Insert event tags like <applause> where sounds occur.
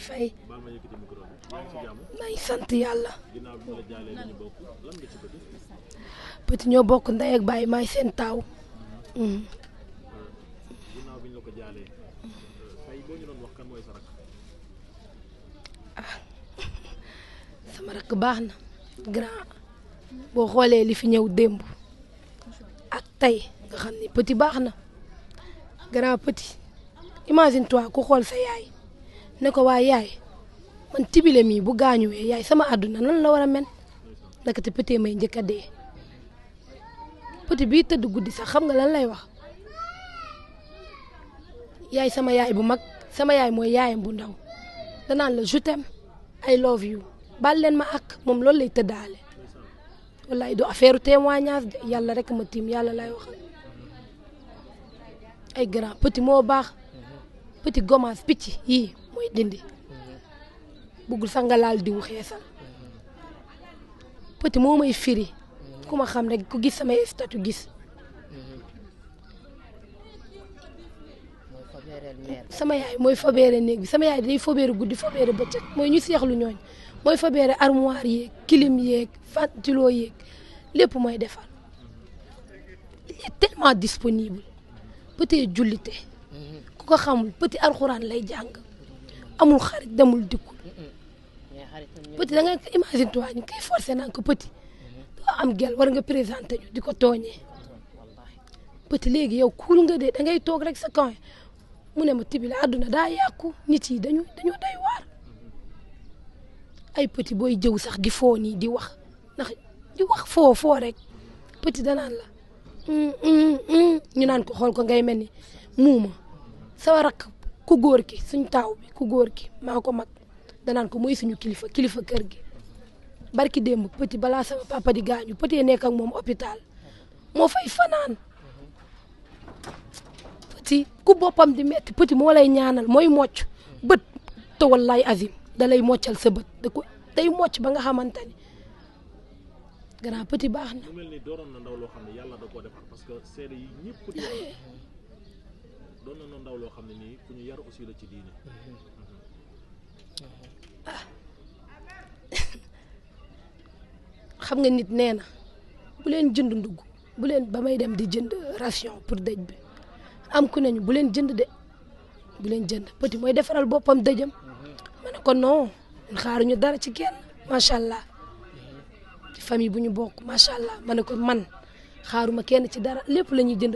fay may sant yàlla pëti ñoo bokk ndey ak baay may seen taaw mm-hmm. euh, euh, ah, <laughs> sama rakk baax na grand boo xoolee li fi ñëw démb ak tey nga xam ni pëti baax na grand petit imagine toi ku xool sa yaay ne ko waaye yaay man tibile mii bu gaañuwee yaay sama àdduna nan la war a mel naka te petit may njëkk dee petit bii tëdd guddi sax xam nga lan lay wax yaay sama yaay bu mag sama yaay mooy yaayam bu ndaw danaan la je t'aime I love you baal leen ma ak moom loolu lay tëddaale wallaay du affaire témoignage de yàlla ma tiim yàlla lay wax ay grand moo baax petit gommage picc yii dindi bëggul sax nga laal diwu xeesal petit moo may firi ku ma xam rek ku gis samay statut gis sama yaay mooy fobeere néeg sama yaay day fobeere guddi fobeere bëccëg mooy ñu seexlu ñooñ mooy fobeere armoire yeeg kilim yeeg ventilo yeeg lépp mooy defar il est tellement disponible petit jullite ku ko xamul pëti alxuraan lay jàng amul xarit demul dikkul petit da nga imagine toi ñu koy forcé naan ko petit mm-hmm. doo am gel war nga présenté di ko tooñee petit léegi yow kuul nga de da ngay toog rek sa kaw mu ne ma tibile àdduna daa yàqu nit yi dañu dañoo doy waar mm-hmm. ay petit booy jëw sax di foo nii di wax ndax di wax foo foo rek petit danaan la mm, mm, mm, ñu naan ko xool ko ngay mel ni muuma sa rakk ku góor ki suñ taaw bi ku góor ki maa ko mag danaan ko mooy suñu kilifa kilifa kër gi barki démb petit balaa sama papa di gaañu petit nekk ak moom hôpital moo fay fanaan petit ku boppam di metti petit moo lay ñaanal mooy mocc bët te wallaay azim da lay moccal sa bët da ko day mocc ba nga xamante ni grand petit baax na. mu na ndaw loo xam ne yàlla da <laughs> doon na noonu ndaw loo xam ne nii ku ñu yar aussi la ci diine. xam nga nit nee na bu leen jënd ndugg bu leen ba may dem di jënd ration pour dëj bi am ku nañu bu leen jënd de bu leen jënd petit mooy defaral boppam dëjam ma ne ko non xaaruñu dara ci kenn macha allah ci famille bu ñu bokk macha allah ma ne ko man xaaruma kenn ci dara lépp la ñuy jënd